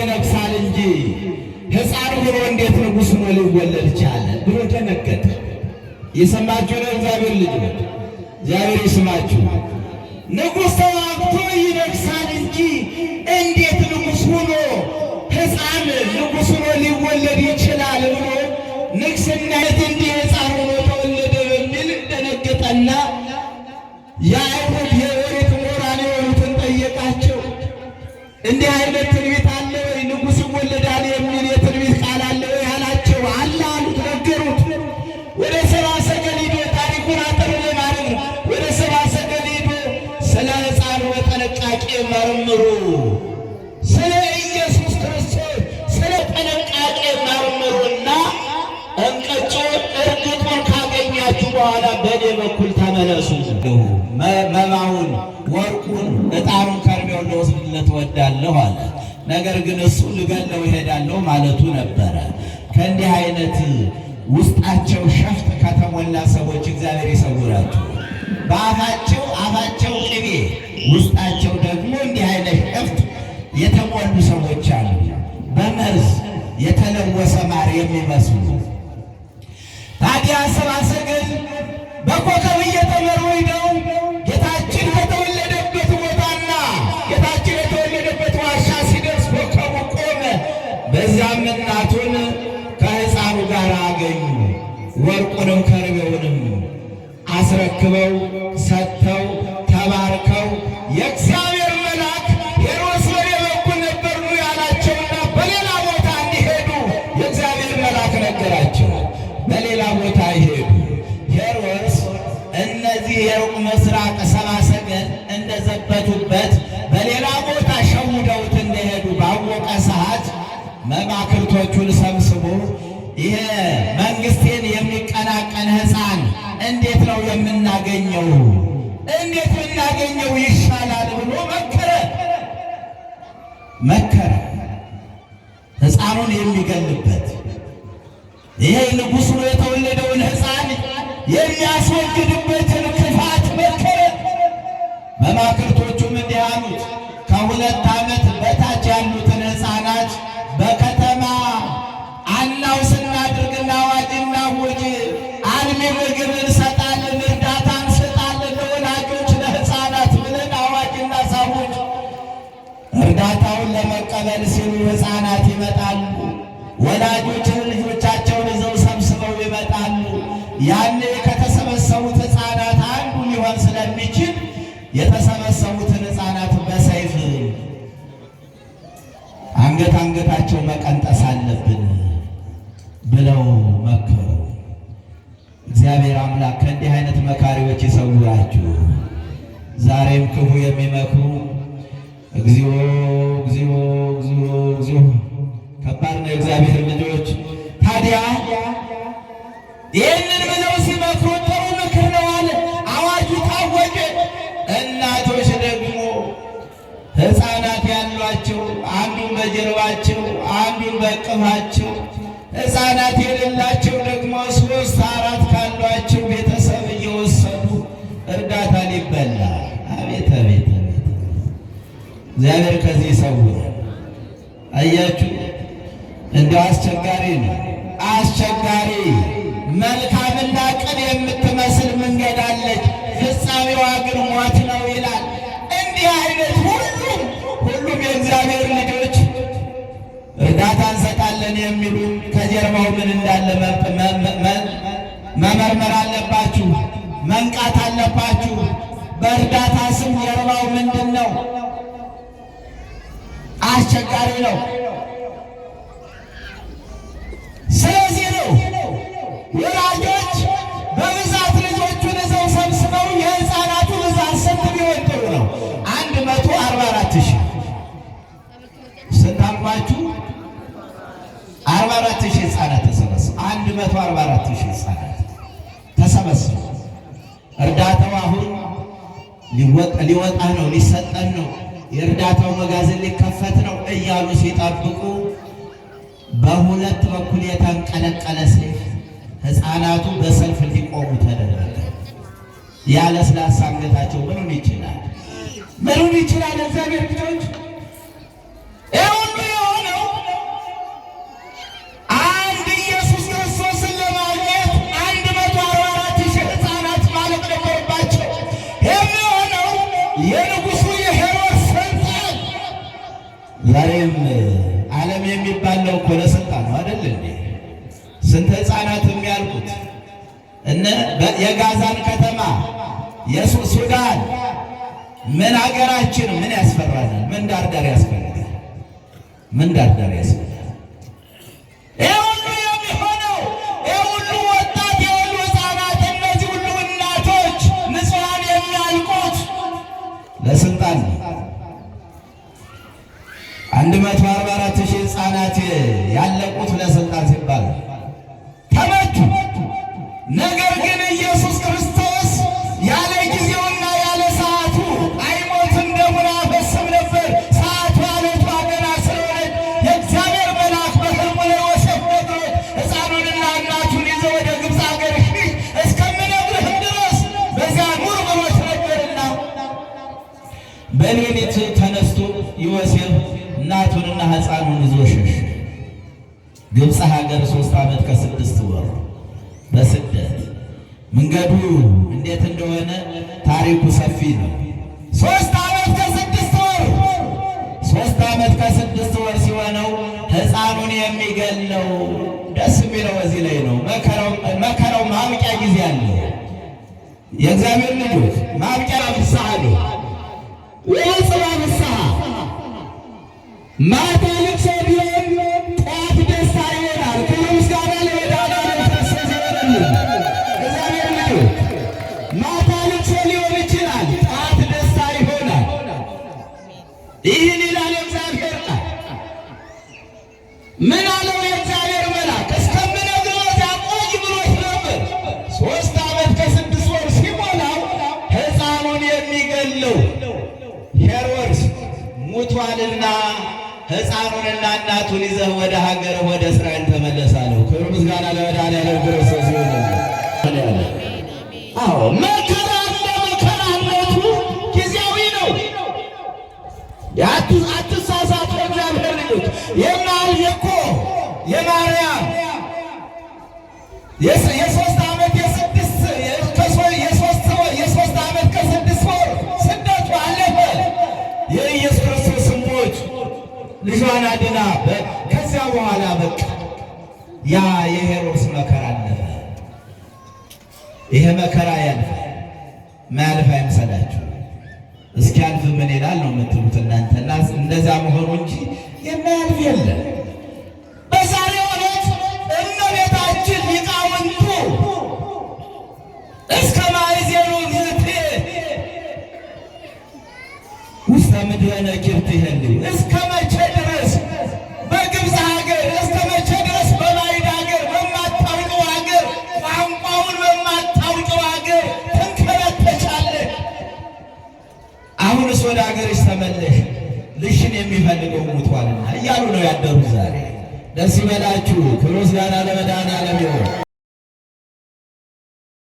ይነግሣል እንጂ ሕፃን ሆኖ እንዴት ንጉሥ ሆኖ ሊወለድ ቻለ ብሎ ደነገጠ። የሰማችሁ ነው እግዚአብሔር ልጅነት እግዚአብሔር ይስማችሁ። ንጉሥ ተዋግቶ ይነግሣል እንጂ እንዴት ንጉሥ ሆኖ ሕፃን ንጉሥ ሆኖ ሊወለድ ይችላል ብሎ ንግሥና በኋላ በእኔ በኩል ተመለሱ። መባውን፣ ወርቁን፣ እጣሩን ከርቤውን ለወስድለት ወዳለሁ አለ። ነገር ግን እሱ ልገለው ይሄዳለሁ ማለቱ ነበረ። ከእንዲህ አይነት ውስጣቸው ሸፍጥ ከተሞላ ሰዎች እግዚአብሔር ይሰውራቸው። በአፋቸው አፋቸው ቅቤ ውስጣቸው ደግሞ እንዲህ አይነት ሸፍጥ የተሞሉ ሰዎች አሉ። በመርዝ የተለወሰ ማር የሚመስሉ ታዲያ ወስደው ከርቤውንም አስረክበው ሰጥተው ተባርከው የእግዚአብሔር መልአክ ሄሮድስ በኔ በኩል ነበር ኑ ያላቸውና በሌላ ቦታ እንዲሄዱ የእግዚአብሔር መልአክ ነገራቸው። በሌላ ቦታ ይሄዱ። ሄሮድስ እነዚህ የሩቅ ምስራቅ ሰብአ ሰገል እንደዘበቱበት በሌላ ቦታ ሸውደውት እንደሄዱ ባወቀ ሰዓት መማክርቶቹን ሰብስቦ ይሄ መንግስቴን የሚ የተቀላቀለ ሕፃን እንዴት ነው የምናገኘው? እንዴት ብናገኘው ይሻላል ብሎ መከረ መከረ ሕፃኑን የሚገልበት ይሄ ንጉሡ የተወለደውን ሕፃን የሚያስወግድበትን ክፋት መከረ። መማክርቶቹም እንዲህ አሉት ከሁለት ሰዎች እርዳታውን ለመቀበል ሲሉ ሕፃናት ይመጣሉ። ወላጆችን ልጆቻቸውን ይዘው ሰብስበው ይመጣሉ። ያኔ ከተሰበሰቡት ሕፃናት አንዱ ሊሆን ስለሚችል የተሰበሰቡትን ሕፃናት በሰይፍ አንገት አንገታቸው መቀንጠስ አለብን ብለው መከሩ። እግዚአብሔር አምላክ ከእንዲህ አይነት መካሪዎች ይሰውራችሁ። ዛሬም ክፉ የሚመክሩ እግዚኦ እግዚኦ እግዚኦ እግዚኦ ከባድ ነው። የእግዚአብሔር ልጆች ታዲያ ይህንን ብለው ሲመክሩ ጥሩ ምክር ነው አለ። አዋጁ ታወጀ። እናቶች ደግሞ ሕፃናት ያሏቸው አንዱን በጀርባቸው አንዱን በቅፋቸው ሕፃናት የሌላቸው ደግሞ ሶስት አራት ካሏቸው ቤተ እግዚአብሔር ከዚህ ይሰውር። አያችሁ፣ እንዲሁ አስቸጋሪ ነው አስቸጋሪ መልካምና ቅን የምትመስል መንገድ አለች፣ ፍጻሜዋ ግን ሟት ነው ይላል። እንዲህ አይነት ሁሉም ሁሉም የእግዚአብሔር ልጆች እርዳታ እንሰጣለን የሚሉ ከጀርባው ምን እንዳለ መመርመር አለባችሁ፣ መንቃት አለባችሁ። በእርዳታ ስም ጀርባው ምንድን ነው? አስቸጋሪ ነው። ስለዚህ ነው ወላጆች በብዛት ልጆቹን እዘው ሰብስበው የህፃናቱ ብዛት ስንት ቢወደው ነው? አንድ መቶ አርባ አራት ሺ ስንታባችሁ አርባ አራት ሺ ህፃናት ተሰበስ አንድ መቶ አርባ አራት ሺ ህፃናት ተሰበስ እርዳታው አሁን ሊወጣ ነው፣ ሊሰጠን ነው። የእርዳታው መጋዘን ሊከፈት ነው እያሉ ሲጠብቁ በሁለት በኩል የተንቀለቀለ ሰይፍ ህፃናቱ በሰልፍ እንዲቆሙ ተደረገ። ያለ እምነታቸው ምኑን ይችላል? ምኑን ይችላል? እግዚአብሔር ልጆች የጋዛን ከተማ ሱዳን ምን ሀገራችን ምን ያስፈራል? ምን ዳርዳር ያስፈልጋል? ምን ዳርዳር ያስፈልጋል? ለስልጣን ነው። አንድ መቶ አርባ አራት ሺህ ህፃናት ያለቁት ለስልጣን በሌሊት ተነስቶ ዮሴፍ እናቱንና ሕፃኑን ይዞ ሸሸ። ግብፅ ሀገር ሶስት ዓመት ከስድስት ወር በስደት መንገዱ እንዴት እንደሆነ ታሪኩ ሰፊ ነው። ሶስት ዓመት ከስድስት ወር ሶስት ዓመት ከስድስት ወር ሲሆነው ሕፃኑን የሚገለው ደስ የሚለው እዚህ ላይ ነው። መከራው ማብቂያ ጊዜ አለ። የእግዚአብሔር ልጆች ማብቂያ ፍሳሃ ነው። ወይጽባ ንስሐ ማታ ልቅሶ ቢሆን ጠዋት ደስታ ይሆናል። ክብር ምስጋና ለወዳዳ ለተሰዘ እግዚአብሔር ነው። ማታ ልቅሶ ሊሆን ይችላል፣ ጠዋት ደስታ ይሆናል። ይህን ይላል እግዚአብሔር ምን ሞቷልና ሕፃኑንና እናቱን ይዘህ ወደ ሀገር ወደ እስራኤል ተመለሳለሁ። ክብር ምስጋና ለመድኃኒዓለም ክርስቶስ ይሁን። አዎ መከራ ለመከራነቱ ጊዜያዊ ነው። አትሳሳቱ። እግዚአብሔር ልጆች የማል የኮ የማርያም ልጇን አድና። ከዚያ በኋላ በቃ ያ የሄሮድስ መከራ አለፈ። ይሄ መከራ ያልፈ ማያልፍ አይምሰላችሁ። እስኪያልፍ ምን ይላል ነው የምትሉት እናንተና መሆኑ እንጂ የማያልፍ የለም። እስከ እስከ ሀገርሽ ተመለሽ፣ ልሽን የሚፈልገው ሙቷልና እያሉ ነው ያደሩ። ዛሬ ደስ ይበላችሁ። ክብሮስ ጋር ለመዳን አለም